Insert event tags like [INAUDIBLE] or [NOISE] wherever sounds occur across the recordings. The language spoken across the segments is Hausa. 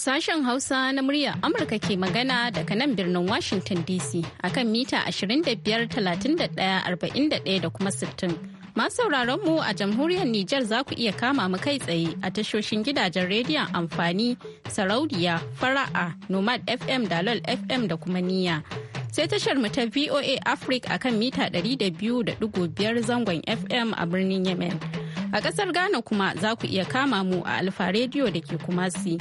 Sashen Hausa na murya Amurka ke magana daga nan birnin Washington DC a kan mita 25-31-41 da kuma 60. Masu sauraron mu a jamhuriyar Nijar za ku iya kama mu kai tsaye a tashoshin gidajen rediyon amfani sarauniya fara'a nomad FM dalol FM da kuma niya Sai tashar mu ta VOA Africa a kan mita 200.5 zangon FM a birnin Yemen. A ƙasar Ghana kuma za ku iya kama mu a Alfa Radio da ke Kumasi.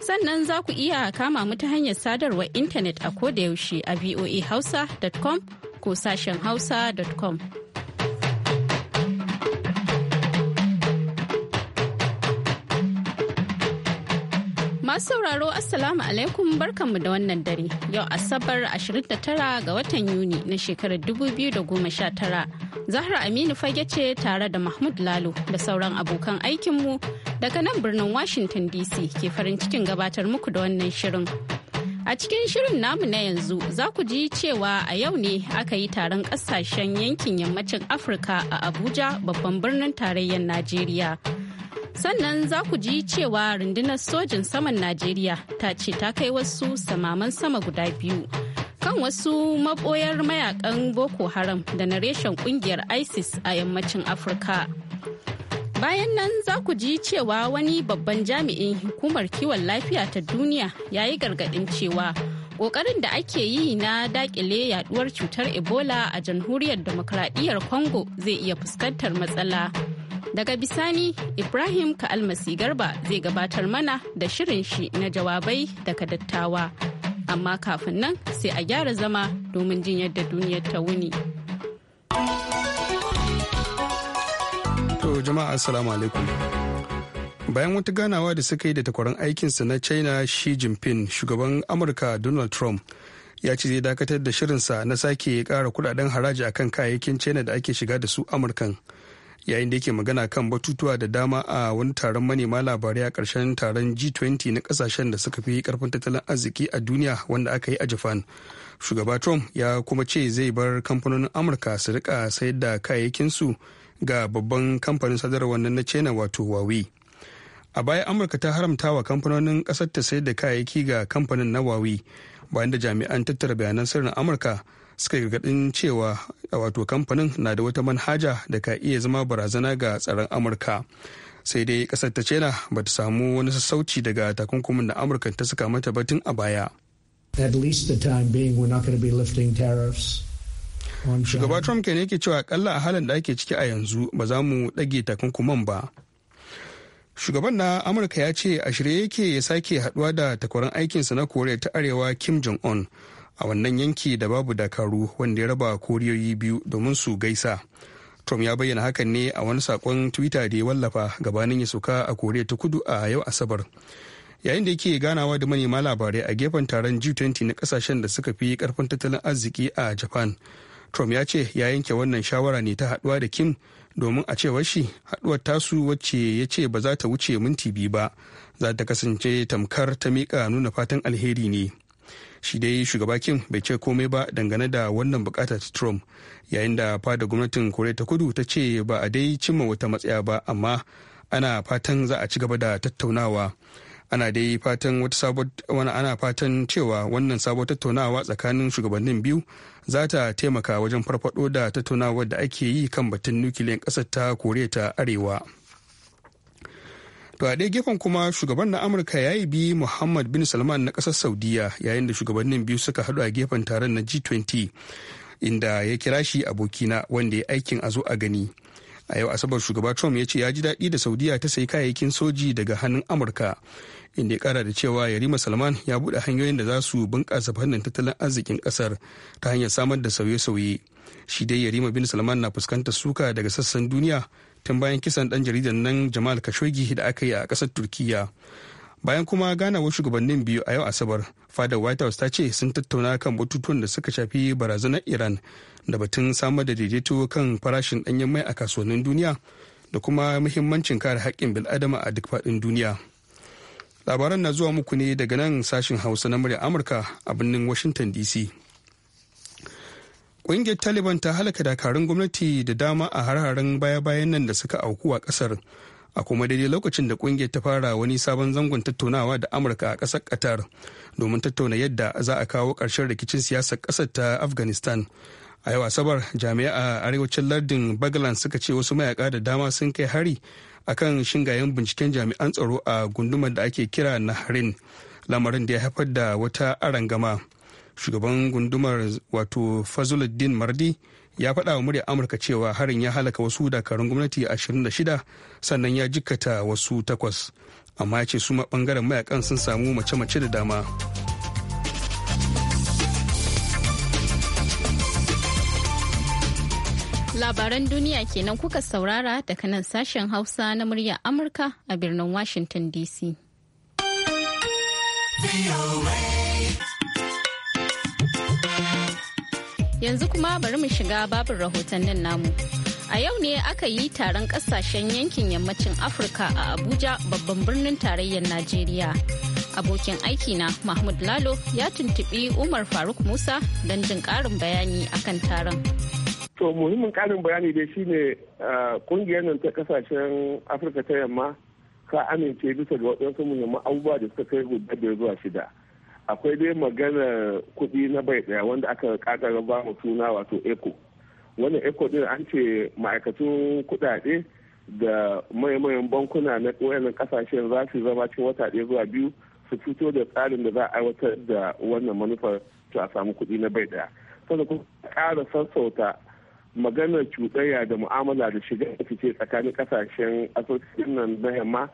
sannan za ku iya kama mu ta hanyar sadarwar intanet a kodayaushe a voahausa.com ko sashen hausa.com. Masu sauraro Assalamu alaikum barkanmu da wannan dare. Yau Asabar 29 ga watan Yuni na shekarar 2019. Zahra Aminu fage ce tare da Mahmud Lalo da sauran abokan aikinmu daga nan birnin Washington DC ke farin cikin gabatar muku da wannan shirin. A cikin shirin namu na yanzu za ku ji cewa a yau ne aka yi taron ƙasashen yankin yammacin Afirka a Abuja babban birnin tarayyar Najeriya. sannan za ku ji cewa rundunar sojin saman najeriya ta ce ta kai wasu samaman sama guda biyu kan wasu maboyar mayakan boko haram da na reshen kungiyar isis a yammacin afirka bayan nan za ku ji cewa wani babban jami'in hukumar kiwon lafiya ta duniya ya yi gargadin cewa ƙoƙarin da ake yi na daƙile yaduwar cutar ebola a jamhuriyar demokradiyyar congo zai iya fuskantar matsala. Daga bisani Ibrahim Ka'almasi Garba zai gabatar mana da shirin shi na jawabai daga dattawa. Amma kafin nan sai a gyara zama domin jin yadda duniyar ta wuni. To jama'a assalamu alaikum. Bayan wata ganawa da suka yi da takwaran aikinsa na China Xi Jinping, shugaban Amurka Donald Trump ya ce zai dakatar da shirinsa na sake ya kara kudaden haraji akan kayayyakin China da ake shiga da su Amurkan. yayin da yake magana kan batutuwa da dama a wani taron manema labarai a ƙarshen taron G20 na ƙasashen da suka fi karfin tattalin arziki a duniya wanda aka yi a Japan. Shugaba Trump ya kuma ce zai bar kamfanonin Amurka su rika sayar da kayayyakinsu ga babban kamfanin sadarwar na China wato Huawei. A baya Amurka ta haramta wa kamfanonin ƙasar ta sayar da kayayyaki ga kamfanin na Huawei bayan da jami'an tattara bayanan sirrin Amurka suka gargadin cewa wato kamfanin na da wata manhaja da ka iya zama barazana ga tsaron amurka sai dai kasar ta china ba ta samu wani sassauci daga takunkumin da amurka ta saka mata batun a baya shugaba trump ke ne ke cewa kalla a halin da ake ciki a yanzu ba za mu ɗage takunkuman ba shugaban na amurka ya ce a shirye yake ya sake haduwa da takwaran aikinsa na koriya ta arewa kim jong-un a wannan yanki da babu dakaru wanda ya raba koriyoyi biyu domin su gaisa trump ya bayyana hakan ne a wani sakon twitter da ya wallafa gabanin ya sauka a koriya ta kudu a yau asabar yayin da yake ganawa da manema labarai a gefen taron g20 na kasashen da suka fi karfin tattalin arziki a japan trump ya ce ya yanke wannan shawara ne ta haduwa da kim domin a cewar shi haduwar tasu wacce ya ce ba za ta wuce minti biyu ba za ta kasance tamkar ta miƙa nuna fatan alheri ne shi dai shugaba kim bai ce komai ba dangane da wannan bukata ta trump yayin da fada gwamnatin koriya ta kudu ta ce ba a dai cimma wata matsaya ba amma ana fatan za a ci gaba da tattaunawa ana dai fatan wata ana fatan cewa wannan sabon tattaunawa tsakanin shugabannin biyu za ta taimaka wajen farfado da tattaunawar da ake yi kan batun nukiliyan ƙasar ta koriya ta arewa to a ɗaya gefen kuma shugaban na amurka ya yi bi muhammad bin salman na ƙasar saudiya yayin da shugabannin biyu suka haɗu a gefen taron na g20 inda ya kira shi abokina wanda ya aikin a zo a gani a yau asabar shugaba trump ya ce ya ji daɗi da saudiya ta sayi kayayyakin soji daga hannun amurka inda ya kara da cewa yarima salman ya buɗe hanyoyin da za su bunƙasa fannin tattalin arzikin ƙasar ta hanyar samar da sauye-sauye shi dai yarima bin salman na fuskantar suka daga sassan duniya tun bayan kisan ɗan jaridan nan Jamal Khashoggi da aka yi a ƙasar Turkiyya. Bayan kuma ganawar shugabannin biyu a yau Asabar, fada White House ta ce sun tattauna kan batutuwan da suka shafi barazanar Iran da batun samar da daidaito kan farashin ɗanyen mai a kasuwannin duniya da kuma muhimmancin kare haƙƙin bil'adama a duk faɗin duniya. Labaran na zuwa muku ne daga nan sashin Hausa na murya Amurka a birnin Washington DC. Ƙungiyar Taliban ta halaka dakarun gwamnati da dama a har baya-bayan nan da suka auku a ƙasar. a kuma daidai lokacin da ƙungiyar ta fara wani sabon zangon tattaunawa da amurka a ƙasar qatar domin tattauna yadda za a kawo ƙarshen rikicin siyasar ƙasar ta afghanistan a yau asabar jami'a a arewacin lardin bagalan suka ce wasu mayaka da dama sun kai hari a kan shingayen binciken jami'an tsaro a gundumar da ake kira naharin lamarin da ya haifar da wata arangama. gama shugaban gundumar wato fazuluddin mardi ya faɗa wa muryar amurka cewa harin ya halaka wasu dakarun gwamnati 26 sannan ya jikkata wasu takwas amma ya ce su ma ɓangaren mayakan sun samu mace-mace da dama labaran duniya kenan kuka saurara daga nan sashen hausa na murya amurka a birnin washington dc Yanzu kuma bari mu shiga babin rahotannin namu. A yau ne aka yi taron kasashen yankin yammacin Afirka a Abuja babban birnin tarayyar Najeriya. Abokin aiki na Mahmud Lalo ya tuntuɓi Umar Faruk Musa don jin karin bayani akan taron. To muhimmin ƙarin bayani dai shine kungiyar ah, nan ta kasashen Afirka ta yamma ka amince bisa ga waɗansu muhimman abubuwa da suka kai guda biyar zuwa shida. akwai dai magana kuɗi na bai ɗaya wanda aka kakara ba mu suna wato eco wannan eco din an ce ma'aikatun kuɗaɗe da maimayan bankuna na wayannan kasashen za su zama cikin wata ɗaya zuwa biyu su fito da tsarin da za a aiwatar da wannan manufar to a samu kuɗi na bai ɗaya sannan kuma ƙara sassauta maganar cuɗayya da mu'amala da shiga da fice tsakanin kasashen asusun nan na yamma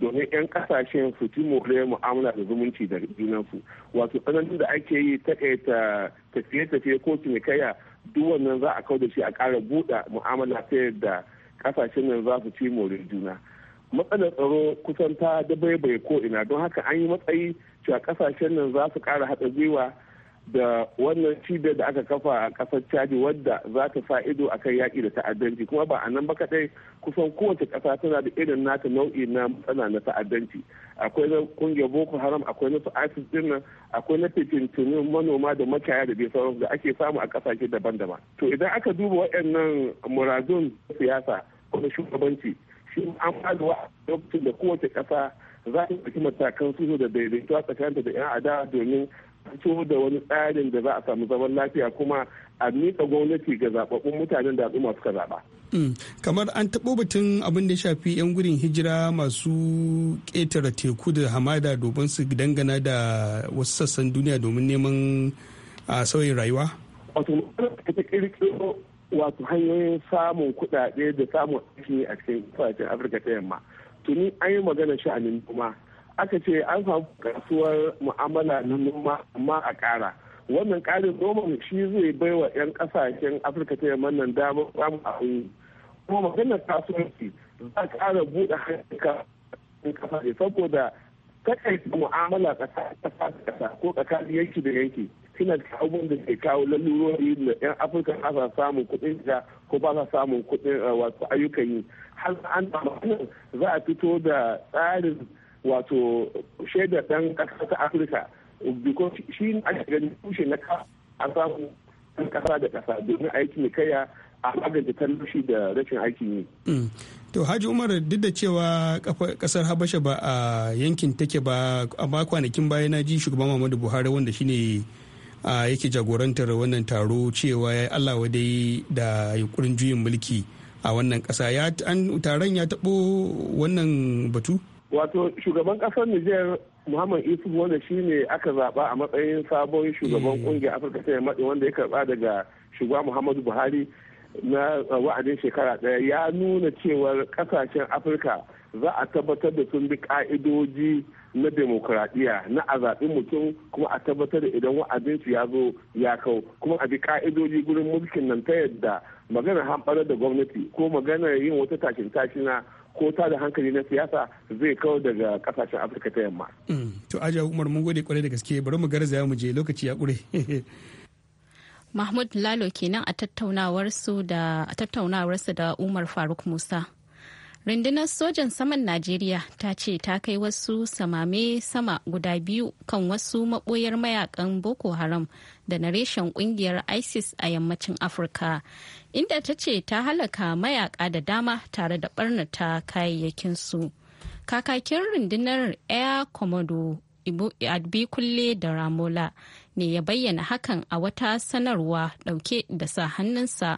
domin 'yan kasashen su ci more mu'amala da zumunci da junansu wato tsananin da ake yi ta tafiye-tafiye ko cinikayya duk wannan za a kau da shi a kara buɗe mu'amala ta yadda kasashen nan za su ci more juna matsalar tsaro kusan ta dabaibaye ko ina don haka an yi matsayi cewa kasashen nan za su ƙara haɗa gwiwa da wannan cibiyar da aka kafa a kasar chadi wadda za ta sa ido a kan yaƙi da ta'addanci kuma ba a nan ba kaɗai kusan kowace ƙasa tana da irin nata nau'i na matsala na ta'addanci akwai na ƙungiyar boko haram akwai na su isis akwai na fitintunin manoma da makiyaya da dai sauransu da ake samu a ƙasashe daban-daban to idan aka duba waɗannan muradun siyasa ko shugabanci shi an faɗuwa lokacin da kowace ƙasa za ta ɗauki matakan sulhu da daidaito a tsakaninta da 'yan adawa domin fito da wani tsarin da za a samu zaman lafiya kuma a miƙa gwamnati ga zababbun mutanen da al'umma suka zaɓa. Hmm. kamar an taɓo batun abin da ya shafi 'yan gudun hijira masu ƙetare teku da hamada domin su dangana da wasu sassan duniya domin neman sauyin rayuwa? wato ta kirkiro wato hanyoyin samun kuɗaɗe da samun aiki a cikin kasashen afirka ta yamma tuni an yi magana sha'anin kuma aka ce an samu kasuwar mu'amala na noma amma a ƙara wannan ƙarin noman shi zai baiwa 'yan ƙasashen afirka ta yamma nan damar samun abin kuma maganar kasuwanci za a ƙara buɗe hanyar kasa saboda takaita mu'amala ƙasa da ƙasa ko tsakanin yanki da yanki suna da abubuwan da ke kawo lalurori da 'yan afirka ba sa samun kuɗin da ko ba sa samun kuɗin eh, wasu ayyukan yi har an za a fito da tsarin wato shaidar ɗan ƙasa ta afirka because shi ne ake ganin tushe na a samu ɗan ƙasa da ƙasa domin aiki kaya a magance talushi da rashin aiki yi. Mm. To Haji Umar duk da cewa kasar Habasha ba a yankin take ba amma kwanakin baya na ji shugaban Muhammadu Buhari wanda shine a yake jagorantar wannan taro cewa ya Allah dai da yunkurin juyin mulki a wannan kasa ya taron ya taɓo wannan batu? wato shugaban kasar niger muhammad isuf wanda shi ne aka zaɓa a matsayin sabon shugaban kungiyar mm. afirka ta yamma wanda ya karɓa daga shugaba muhammadu buhari na wa'adin shekara ɗaya ya nuna cewar kasashen afirka za a tabbatar da sun bi ka'idoji na demokuraɗiyya na a zaɓi mutum kuma a tabbatar da idan wa'adinsu ya zo ya kau kuma a bi ka'idoji gurin mulkin nan ta yadda maganar hamɓarar da gwamnati ko maganar yin wata tashin tashina ko ta da hankali na siyasa zai kawo daga kasashen afirka ta yamma. Mm. to aja umar mun gode kwarai da gaske bari mu garzaya mu je lokaci ya kure. [LAUGHS] mahmud lalo kenan a tattaunawarsu da umar faruk musa. rundunar sojan saman najeriya ta ce ta kai wasu samame sama guda biyu kan wasu maboyar mayakan boko haram da na reshen kungiyar isis a yammacin afirka inda ta ce ta halaka mayaka da dama tare da barnata kayayyakinsu kakakin rundunar air komodo kulle da ramola ne ya bayyana hakan a wata sanarwa dauke da sa hannunsa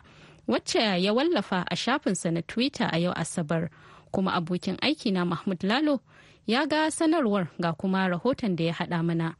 wacce ya wallafa a shafinsa na twitter a yau asabar kuma abokin aiki na mahmud lalo ya ga sanarwar ga kuma rahoton da ya haɗa mana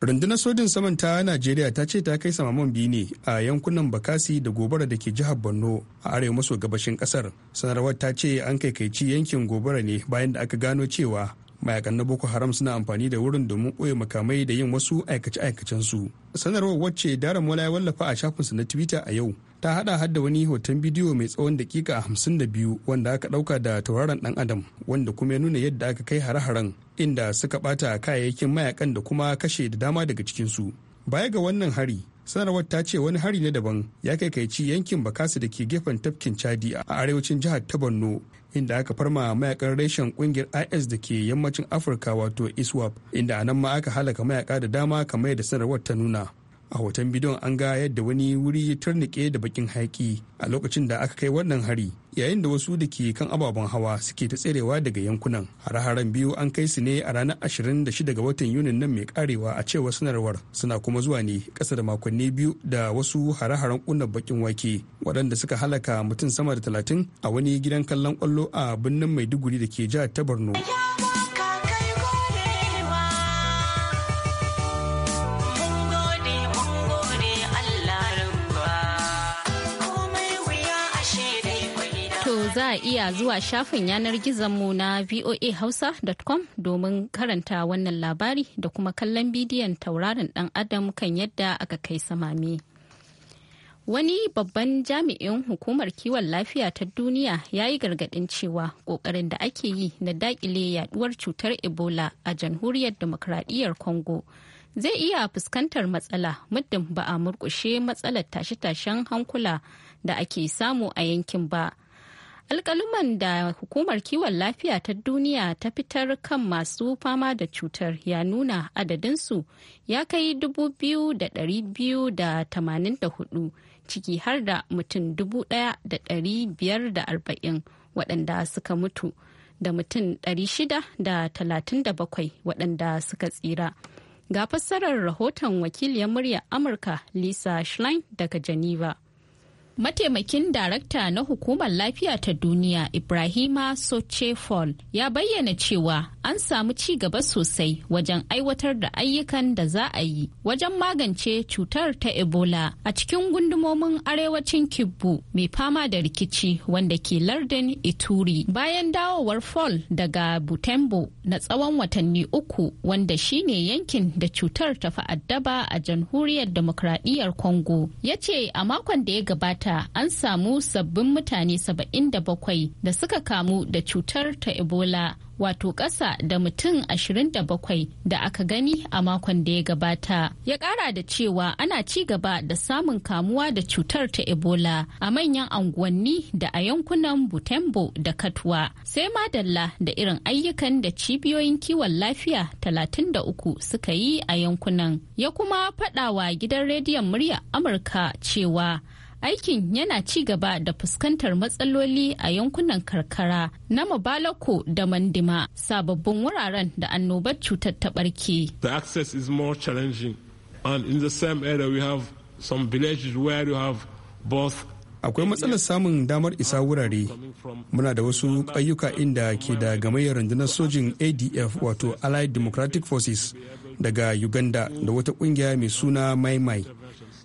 rundunar sojin saman ta najeriya ta ce ta kai samaman biyu ne a yankunan bakasi da gobara da ke jihar borno a arewa maso gabashin kasar sanarwar ta ce an kaikaici yankin gobara ne bayan da aka gano cewa mayakan na boko haram suna amfani da wurin domin ɓoye makamai da yin wasu aikace-aikacensu sanarwar wacce dara mola ya wallafa a shafinsa na twitter a yau ta hada har da wani hoton bidiyo mai tsawon dakika biyu wanda aka dauka da tauraron dan adam wanda kuma ya nuna yadda aka kai hare-haren inda suka bata kayayyakin mayakan da kuma kashe da dama daga cikinsu baya ga wannan hari sanarwar ta ce wani hari na daban ya kai kaici yankin bakasu da ke gefen tafkin chadi a arewacin jihar ta borno inda aka farma mayakan reshen kungiyar is da ke yammacin afirka wato iswap inda a nan ma aka halaka mayaka da dama kamar yadda sanarwar ta nuna a hoton bidiyon an ga yadda wani wuri ya turnike da bakin haƙi a lokacin da aka kai wannan hari yayin da wasu da ke kan ababen hawa suke ta tserewa daga yankunan hare-haren biyu an kai su ne a ranar 26 ga watan yunin nan mai karewa a cewar sanarwar suna kuma zuwa ne ƙasa da makonni biyu da wasu hare-haren kunna bakin wake waɗanda suka halaka mutum sama da 30 a wani gidan kallon ƙwallo a birnin maiduguri da ke jihar ta borno a iya zuwa shafin yanar gizonmu na voahausa.com domin karanta wannan labari da kuma kallon bidiyon tauraron dan adam kan yadda aka kai samami. Wani babban jami'in hukumar kiwon lafiya ta duniya ya yi gargaɗin cewa ƙoƙarin da ake yi na daƙile yaduwar cutar Ebola a jamhuriyar demokradiyyar Congo zai iya fuskantar matsala muddin ba a murƙushe matsalar tashe-tashen hankula da ake samu a yankin ba. alkaluman da hukumar kiwon lafiya ta duniya ta fitar kan masu fama da cutar ya nuna adadinsu ya kai 2,284 ciki har da mutum 1,540 waɗanda suka mutu da mutum 637 waɗanda suka tsira ga fassarar rahoton wakiliyar murya amurka lisa schlein daga geneva mataimakin darakta na hukumar lafiya ta duniya ibrahima sochefol ya bayyana cewa an samu ci gaba sosai wajen aiwatar da ayyukan da za a yi wajen magance cutar ta ebola a cikin gundumomin arewacin kibbu mai fama da rikici wanda ke lardin ituri bayan dawowar fall daga butembo na tsawon watanni uku wanda shine yankin da cutar ta fa'addaba a jamhuriyar demokradiyyar congo ya ce a makon da ya gabata an samu sabbin mutane 77 da suka kamu da cutar ta Ebola wato ƙasa da mutum 27 da aka gani a makon da ya gabata. Ya ƙara da cewa ana ci gaba da samun kamuwa da cutar ta Ebola a manyan anguwanni da a yankunan Butembo da Katwa. Sai madalla da irin ayyukan da cibiyoyin kiwon lafiya 33 suka yi a yankunan. Ya kuma faɗawa gidan rediyon murya Amurka cewa aikin yana ci gaba da fuskantar matsaloli a yankunan karkara na mabalako da mandima sababbin wuraren da annobar cutar ta barke. The access is more challenging and in the same area we have some villages where you have both akwai matsalar samun damar isa wurare muna da wasu ayyuka inda ke da gamayyar rundunar sojin adf wato allied democratic forces daga uganda da wata kungiya mai suna maimai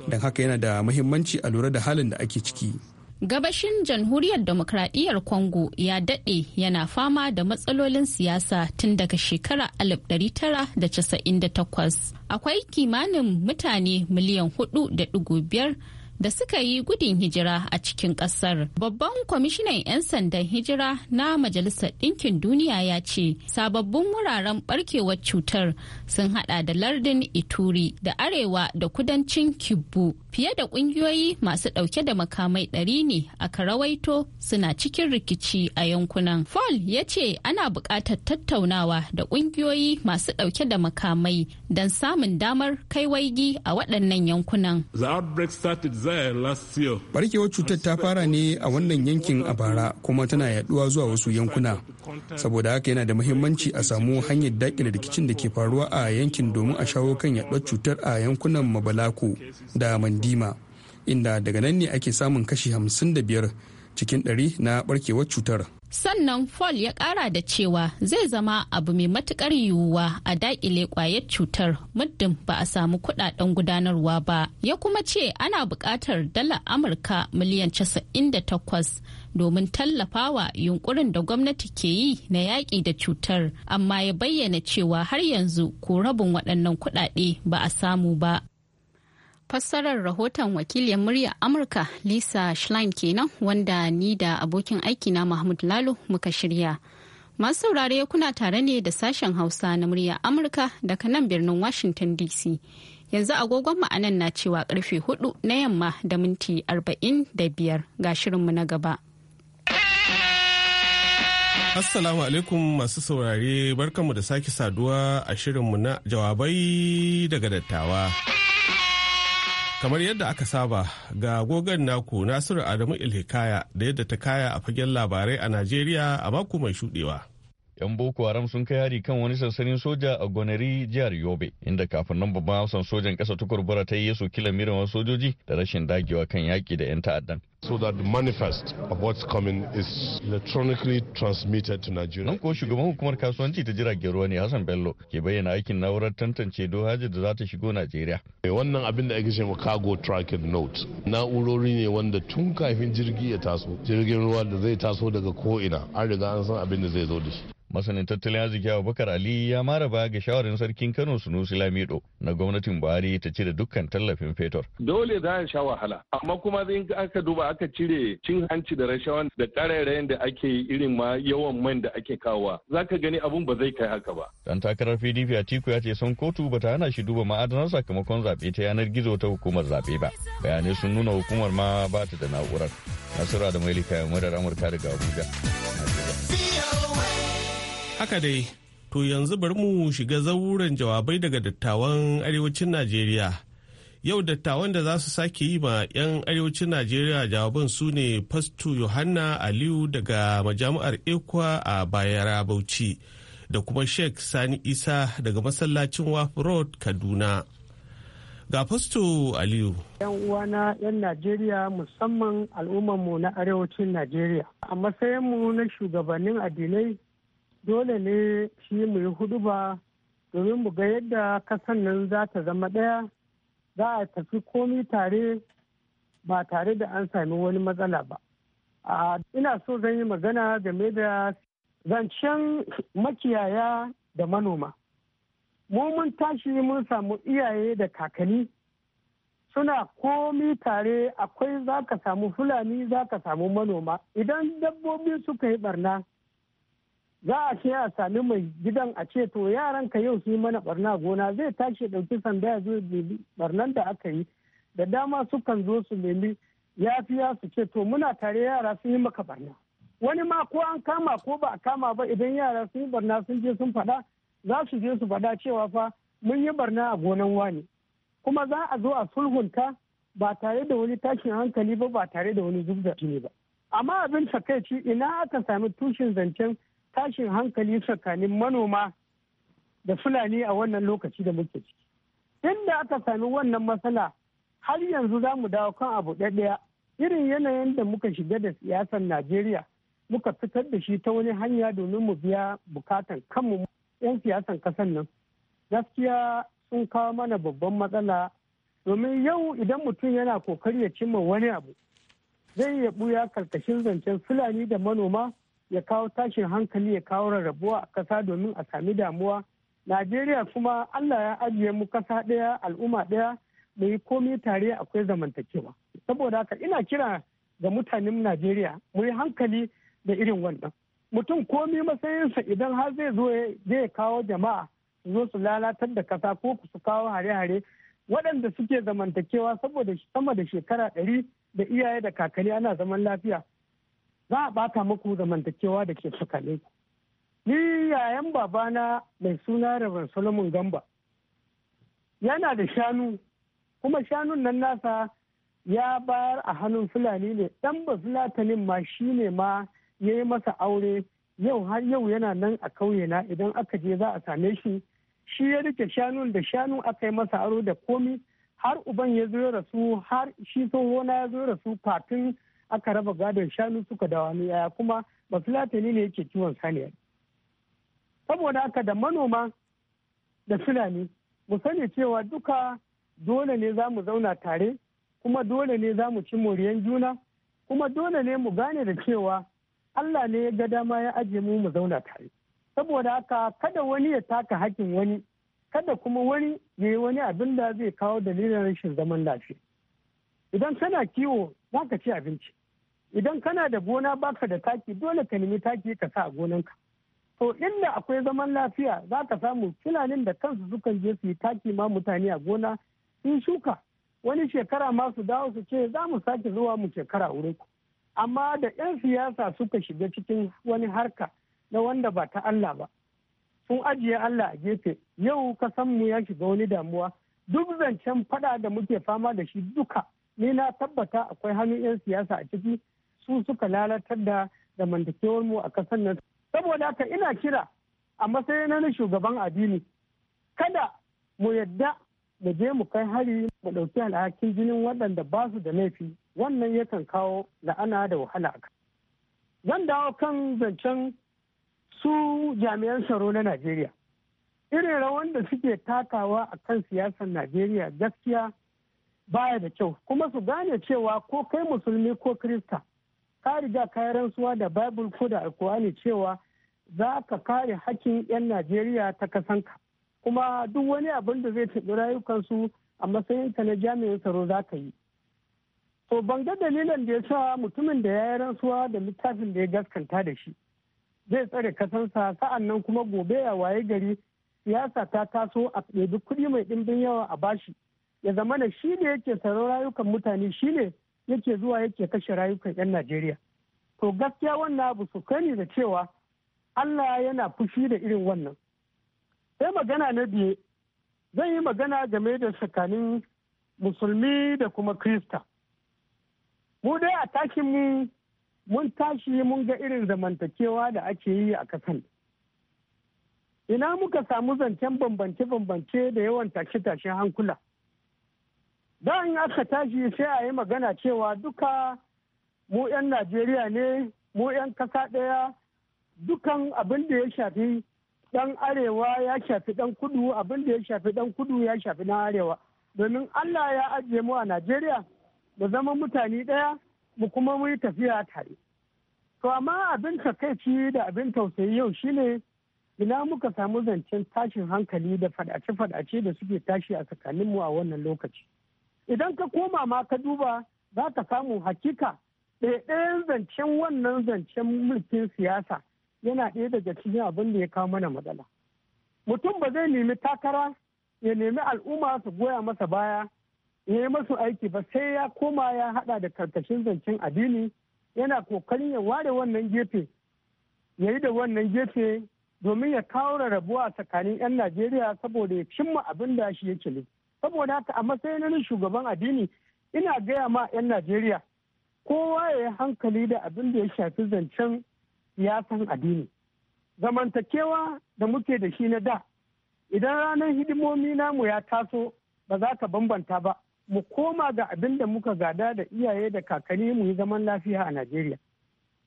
don haka yana da muhimmanci a lura da halin da ake ciki gabashin jamhuriyar demokradiyyar congo ya daɗe yana fama da matsalolin siyasa tun daga shekara 1998 akwai kimanin mutane miliyan 4.5 da suka yi gudun hijira a cikin kasar. Babban kwamishinan 'yan sandan hijira na Majalisar Ɗinkin Duniya ya ce sababbin wuraren barkewar cutar sun haɗa da lardin Ituri da Arewa da kudancin Kibbu. Fiye da ƙungiyoyi masu ɗauke da makamai ɗari ne a karawaito suna cikin rikici a yankunan. Fall ya ce ana buƙatar tattaunawa da ƙungiyoyi masu ɗauke da makamai don samun damar kai waigi a waɗannan yankunan. The outbreak started barkewar cutar ta fara ne a wannan yankin a bara kuma tana yaduwa zuwa wasu yankuna saboda haka yana da muhimmanci a samu hanyar dakile rikicin da ke faruwa a yankin domin a shawo kan yaduwar cutar a yankunan mabalako da mandima inda daga nan ne ake samun kashi 55 cikin 100 na barkewar cutar sannan fall ya kara da cewa zai zama abu mai matukar yiwuwa a daƙile ƙwayar cutar muddin ba a samu kudaden gudanarwa ba ya kuma ce ana buƙatar dala amurka miliyan 98 domin tallafawa yunkurin da gwamnati ke yi na yaƙi da cutar amma ya bayyana cewa har yanzu ko rabin waɗannan kuɗaɗe ba a samu ba Fassarar rahoton wakilin murya Amurka Lisa Schlein kenan wanda ni da abokin aikina Mahmud Lalo muka shirya. Masu saurare kuna tare ne da sashen Hausa na murya Amurka daga nan birnin Washington DC. Yanzu agogon mu anan na cewa karfe hudu na yamma da minti arba'in da biyar ga shirinmu na gaba. Assalamu alaikum masu saurare barkanmu da sake saduwa a shirinmu na jawabai daga dattawa. kamar yadda aka saba ga gogon naku nasiru adamu ilhikaya da yadda ta kaya a fagen labarai a najeriya a mako mai shudewa yan boko haram sun kai hari kan wani sansanin soja a gonari jihar yobe inda kafin nan babban hausan sojan kasa tukurbura ta yi su kila miran sojoji da rashin dagewa kan yaki da yan ta'addan so that the manifest coming is transmitted to Nan ko shugaban hukumar kasuwanci ta jiragen ruwa ne Hassan Bello ke bayyana aikin na'urar tantance dohaji da za ta shigo Najeriya. Eh, wannan abin da ake ce cargo tracking note na'urori ne wanda tun kafin jirgi ya taso jirgin ruwa da zai taso daga ko'ina an riga an san abin da zai zo da shi. masanin tattalin arziki abubakar ali ya mara baya ga shawarin sarkin kano sunusi lamido na gwamnatin buhari ta cire dukkan tallafin fetur dole za a sha wahala amma kuma in aka duba aka cire cin hanci da rashawan da ƙararren da ake yi irin ma yawan man da ake kawowa za ka gani abun ba zai kai haka ba. Dan takarar PDP tiku ya ce son kotu ba ta hana shi duba ma'adanar sakamakon zaɓe ta yanar gizo ta hukumar zaɓe ba. Bayanai sun nuna hukumar ma ba ta da na'urar. Nasura da mai ya murar Amurka daga Abuja. Haka dai, to yanzu bari mu shiga zauren jawabai daga dattawan arewacin Najeriya. yau dattawan da za su sake yi ma 'yan arewacin najeriya jawaban su ne fasto yohanna aliyu daga majami'ar ekwa a bayara bauchi da kuma sheikh sani isa daga masallacin waf road kaduna ga fasto aliyu yan uwana yan najeriya musamman al'ummarmu na arewacin najeriya a matsayinmu na shugabannin addinai dole ne shi mu yi hudu ba domin mu ga yadda kasan nan za ta zama ɗaya za a tafi komi tare ba tare da an sami wani matsala ba ina so zan yi magana game da zancen makiyaya da manoma mu mun tashi mun samu iyaye da kakanni suna komi tare akwai za ka samu fulani za ka samu manoma idan dabbobi suka yi barna za a ce a sami mai gidan a ce to yaran ka yau su yi mana barna gona zai tashi ɗauki sanda ya zo barnan da aka yi da dama sukan zo su nemi yafiya su ce to muna tare yara sun yi maka barna wani ma ko an kama ko ba a kama ba idan yara sun yi barna sun je sun faɗa za su je su faɗa cewa fa mun yi barna a gonan wani kuma za a zo a sulhunta ba tare da wani tashin hankali ba ba tare da wani zubda jini ba amma abin takaici ina aka sami tushen zancen tashin hankali tsakanin manoma da fulani a wannan lokaci da muke ciki inda aka sami wannan matsala har yanzu za mu dawo kan abu ɗaya irin yanayin da muka shiga da siyasar najeriya muka fitar da shi ta wani hanya domin mu biya bukatan kanmu 'yan siyasan kasan nan gaskiya sun kawo mana babban matsala domin yau idan mutum yana kokari ya cimma wani abu zai iya buya karkashin zancen fulani da manoma ya kawo tashin hankali ya kawo rarrabuwa a ƙasa domin a sami damuwa najeriya kuma allah ya ajiye mu ƙasa ɗaya al'umma ɗaya mu yi komai tare akwai zamantakewa saboda haka ina kira ga mutanen najeriya mu yi hankali da irin wannan mutum komi matsayinsa idan har zai zo zai kawo jama'a su zo su lalatar da ƙasa ko su kawo hare-hare waɗanda suke zamantakewa saboda sama da shekara ɗari da iyaye da kakanni ana zaman lafiya za a bata muku zamantakewa da ke tsakane ku ni yayan babana mai suna Reverend Solomon Gamba yana da shanu kuma shanun nan nasa ya bayar a hannun Fulani ne ɗan ba Fulatanin ma shi ne ma ya yi masa aure yau har yau yana nan a kauye na idan aka je za a same shi shi ya rike shanun da shanun aka yi masa aro da komi har uban ya zo rasu har shi tsohona ya zo rasu fatin aka raba gadon shanu suka da wani yaya kuma ba filatani ne yake kiwon saniya saboda haka da manoma da fulani mu sani cewa duka dole ne za mu zauna tare kuma dole ne za mu ci moriyan juna kuma dole ne mu gane da cewa Allah ne ya ga dama ya ajiye mu mu zauna tare saboda haka kada wani ya taka hakkin wani kada kuma wani ya yi wani abin da zai kawo dalilin rashin zaman lafiya idan kana kiwo za ka ci abinci idan kana da gona baka da taki dole ka nemi taki ka sa a gonanka to inda akwai zaman lafiya za ka samu filanin da kansu sukan je su yi taki ma mutane a gona sun shuka wani shekara masu dawo su ce za mu sake zuwa mu shekara wurin ku amma da 'yan siyasa suka shiga cikin wani harka na wanda ba ta Allah ba sun ajiye Allah a gefe yau san mu ya shiga wani damuwa duk zancen fada da muke fama da shi duka ni na tabbata akwai hannun 'yan siyasa a ciki su suka lalatar da zamantakewar mu a kasar nan saboda haka ina kira a matsayin na shugaban addini kada mu yadda mu je mu kai hari mu ɗauki alhakin jinin waɗanda ba su da laifi wannan yakan kawo la'ana da wahala a zan dawo kan zancen su jami'an tsaro na najeriya irin rawan da suke takawa a kan siyasar najeriya gaskiya baya da kyau kuma su gane cewa ko kai musulmi ko krista ka riga ka yi rantsuwa da bible ko da alkuwani cewa za ka kare hakkin 'yan najeriya ta kasanka kuma duk wani abin da zai rayukan rayukansu a matsayin matsayinka na jami'in tsaro za ka yi to ban ga dalilin da ya sa mutumin da ya yi rantsuwa da littafin da ya gaskanta da shi zai tsare kasansa sa'an nan kuma gobe a waye gari siyasa ta taso a ɗebi kuɗi mai ɗimbin yawa a bashi ya zama na shi ne yake tsaron rayukan mutane shi ne yake zuwa yake kashe rayukan 'yan najeriya to gaskiya wannan abu su sani da cewa allah yana fushi da irin wannan sai magana na biye zan yi magana game da tsakanin musulmi da kuma krista mu dai a tashin mu mun tashi mun ga irin zamantakewa da ake yi a kasan ina muka samu zancen bambance-bambance da yawan tashe-tashen hankula da in aka tashi sai a yi magana cewa duka mu 'yan najeriya ne mu 'yan kasa ɗaya dukan abin da ya shafi ɗan arewa ya shafi dan kudu abin da ya shafi ɗan kudu ya shafi na arewa domin allah ya ajiye mu a najeriya mu zama mutane ɗaya mu kuma mu yi tafiya tare to amma abin takaici da abin tausayi yau shine ina muka samu zancen tashin hankali da fadace-fadace da suke tashi a tsakaninmu a wannan lokaci idan ka koma ma ka duba za ka samu hakika ɗayan zancen wannan zancen mulkin siyasa yana ɗaya daga cikin abin da ya kawo mana matsala mutum ba zai nemi takara ya nemi al'umma su goya masa baya ya yi masu aiki ba sai ya koma ya haɗa da karkashin zancen addini yana kokarin ya ware wannan gefe ya yi da wannan gefe domin ya kawo rarrabuwa tsakanin 'yan najeriya saboda ya cimma abin da shi ya ne saboda haka a matsayin na shugaban addini ina gaya ma 'yan najeriya kowa ya yi hankali da abin da ya shafi zancen siyasan addini zamantakewa da muke da shi na da idan ranar hidimomi namu ya taso ba za ka bambanta ba mu koma ga abin da muka gada da iyaye da kakanni mu yi zaman lafiya a najeriya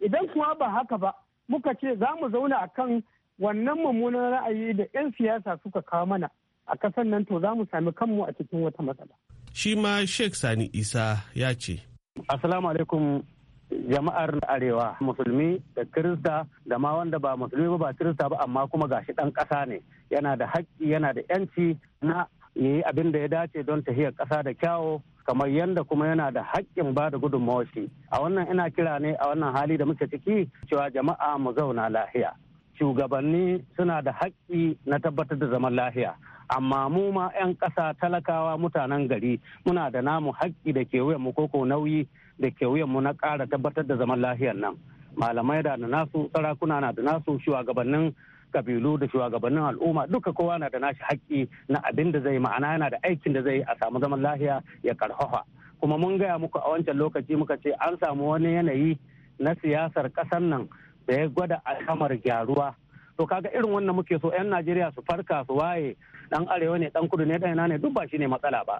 idan kuwa ba haka ba muka ce za mu zauna a kan wannan mummunan ra'ayi da 'yan siyasa suka kawo mana a ƙasar nan to za mu sami kanmu a cikin wata matsala. Shi ma Sheikh Sani Isa ya ce. Assalamu alaikum jama'ar arewa musulmi da kirista da ma wanda ba musulmi ba kirista ba amma kuma gashi ɗan ƙasa ne yana da haƙƙi yana da 'yanci na yayi abin da ya dace don tahiyar ƙasa da kyawo kamar yadda kuma yana da haƙƙin ba da gudunmawar shi a wannan ina kira ne a wannan hali da muke ciki cewa jama'a mu zauna lahiya shugabanni suna da haƙƙi na tabbatar da zaman lahiya amma mu ma 'yan ƙasa talakawa mutanen gari muna da namu haƙƙi da ke wuyan mu koko nauyi da ke mu na ƙara tabbatar da zaman lafiyar nan malamai da nasu sarakuna na da nasu shugabannin kabilu da shugabannin al'umma duka kowa na da nashi haƙƙi na abin da zai ma'ana yana da aikin da zai a samu zaman lafiya ya karfafa kuma mun gaya muku a wancan lokaci muka ce an samu wani yanayi na siyasar ƙasar nan da ya gwada alhamar gyaruwa to kaga irin wannan muke so 'yan najeriya su farka su waye dan arewa ne dan kudu ne dan ina ne duk ba shi ne matsala ba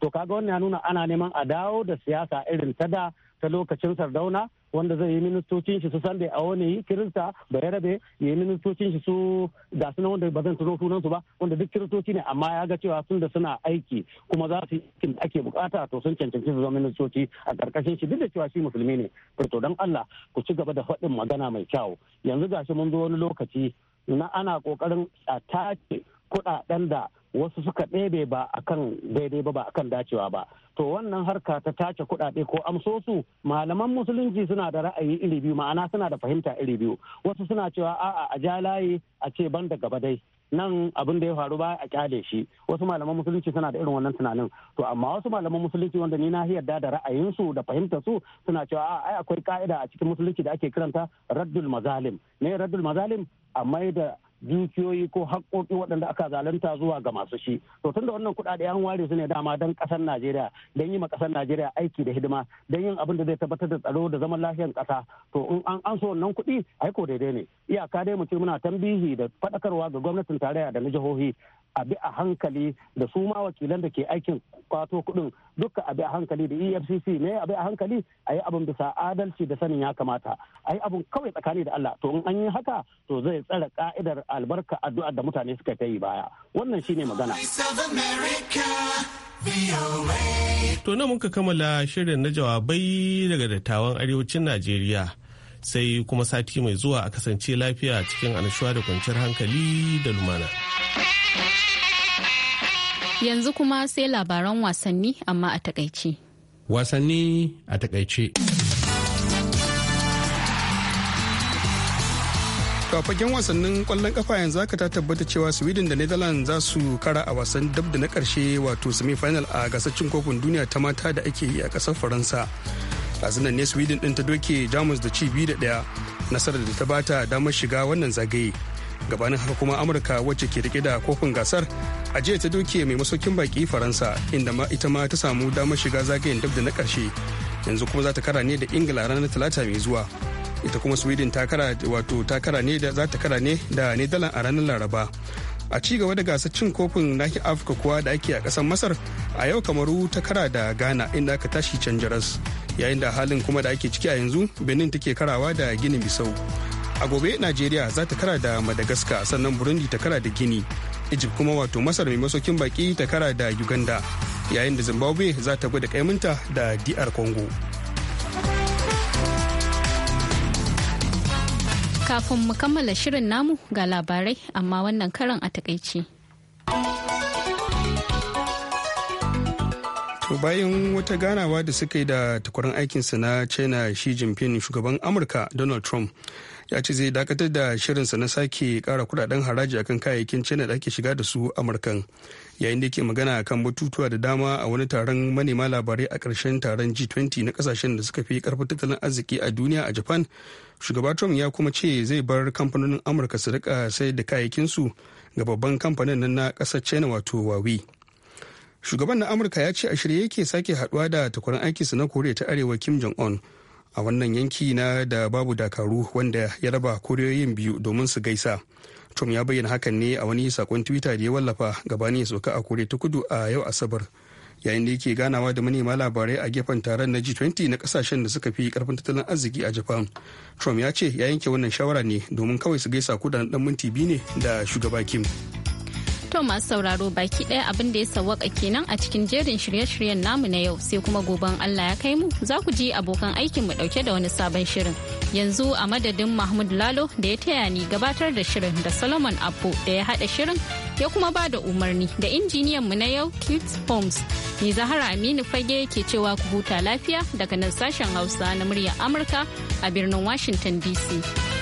to kaga wannan ya nuna ana neman a dawo da siyasa irin ta da ta lokacin sardauna wanda zai yi ministocin shi su sande a wani kirista bai yarabe ya yi ministocin shi su ga suna wanda ba zan tuno sunan su ba wanda duk kiristoci ne amma ya ga cewa sun da suna aiki kuma za su yi ake bukata to sun cancanci su zama ministoci a karkashin shi duk da cewa shi musulmi ne to don Allah ku ci gaba da faɗin magana mai kyau yanzu gashi mun zo wani lokaci na ana kokarin a tace kuɗaɗen da wasu suka ɗebe ba a kan daidai ba ba kan dacewa ba to wannan harka ta tace kuɗaɗe ko amsosu malaman musulunci suna da ra'ayi iri biyu ma'ana suna da fahimta iri biyu wasu suna cewa a'a a ja layi a ce ban da gaba dai nan abin da ya faru ba a kyale shi wasu malaman musulunci suna da irin wannan tunanin to amma wasu malaman musulunci wanda ni na yarda da ra'ayinsu da fahimtar su suna cewa ai akwai ka'ida a cikin musulunci da ake kiranta raddul mazalim ne raddul mazalim a mai da dukiyoyi ko haƙƙoƙi waɗanda aka zalunta zuwa ga masu shi to tunda wannan kuɗaɗe an ware su ne dama don ƙasar najeriya don yi ma ƙasar najeriya aiki da hidima don yin abin da zai tabbatar da tsaro da zaman lafiyar ƙasa to in an an so wannan kuɗi aiko daidai ne iyaka dai mu ce muna tambihi da faɗakarwa ga gwamnatin tarayya da na jihohi a bi a hankali da su ma wakilan da ke aikin kwato kuɗin duka a bi a hankali da efcc ne a bi a hankali a yi abin bisa adalci da sanin ya kamata a yi abin kawai tsakani da allah to in an yi haka to zai tsare ka'idar albarka addu'a da mutane suka ta yi baya wannan shine magana to na muka kammala shirin na jawabai daga dattawan arewacin najeriya sai kuma sati mai zuwa a kasance lafiya cikin annashuwa da kwanciyar hankali da lumana yanzu kuma sai labaran wasanni amma a takaice wasanni a takaice To fagen wasannin kwallon kafa yanzu aka ta tabbata cewa Sweden da Netherlands za su kara a wasan dab da na karshe wato semi-final a gasar cin kofin duniya ta mata da ake yi a kasar Faransa. Razunan ne Sweden din ta doke Jamus da ci biyu da daya nasarar da ta bata damar shiga wannan zagaye. Gabanin haka kuma Amurka wacce ke rike da kofin gasar a jiya ta doke mai masaukin baki Faransa inda ma ita ma ta samu damar shiga zagayen dab da na karshe yanzu kuma za ta kara ne da Ingila ranar Talata mai zuwa. ita kuma sweden takara wato takara ne da za ta kara ne da nedalan a ranar laraba a ci gaba da gasar cin kofin naki afirka kuwa da ake a kasar masar a yau kamaru ta kara da ghana inda aka tashi can jaras yayin da halin kuma da ake ciki a yanzu benin take karawa da gini bisau a gobe najeriya za ta kara da madagascar sannan burundi ta kara da gini egypt kuma wato masar mai masaukin baki ta kara da uganda yayin da zimbabwe za ta gwada kaiminta da dr congo Kafin mu kammala shirin namu ga labarai amma wannan karan a takaici. To bayan wata ganawa da suka yi da takwarar aikinsa na China Xi Jinping shugaban Amurka Donald Trump ya ce zai dakatar da shirinsa na sake kara kudaden haraji akan kayayyakin china da ake shiga da su amurkan yayin da yake magana kan batutuwa da dama a wani taron manema labarai a karshen taron g20 na kasashen da suka fi karfin tattalin arziki a duniya a japan shugaba trump ya kuma ce zai bar kamfanonin amurka su rika sayar da su ga babban kamfanin nan na ƙasar china wato huawei shugaban na amurka ya ce a shirye yake sake haduwa da takwaran aikinsa na koriya ta arewa kim jong un a wannan yanki na da babu dakaru wanda ya raba kuriyoyin biyu domin su gaisa trump ya bayyana hakan ne a wani sakon twitter da ya wallafa gabanin ya soka a kore ta kudu a yau asabar yayin da yake ganawa da manema labarai a gefen taron na G20 na kasashen da suka fi karfin tattalin arziki a Japan. Trump ya ce ya yanke wannan shawara ne domin kawai su gaisa kudaden dan minti biyu ne da shugaba Kim. To masu sauraro baki ɗaya abin da ya sawaka kenan a cikin jerin shirye-shiryen namu na yau sai kuma goben Allah ya kai mu za ku ji abokan aikin mu ɗauke da wani sabon shirin. Yanzu a madadin Mahmud Lalo da ya taya ni gabatar da shirin da Solomon Abbo da ya haɗa shirin ya kuma ba da umarni da injiniyan mu na yau Kit Holmes. Ni Zahara Aminu Fage ke cewa ku huta lafiya daga nan sashen Hausa na muryar Amurka a birnin Washington DC.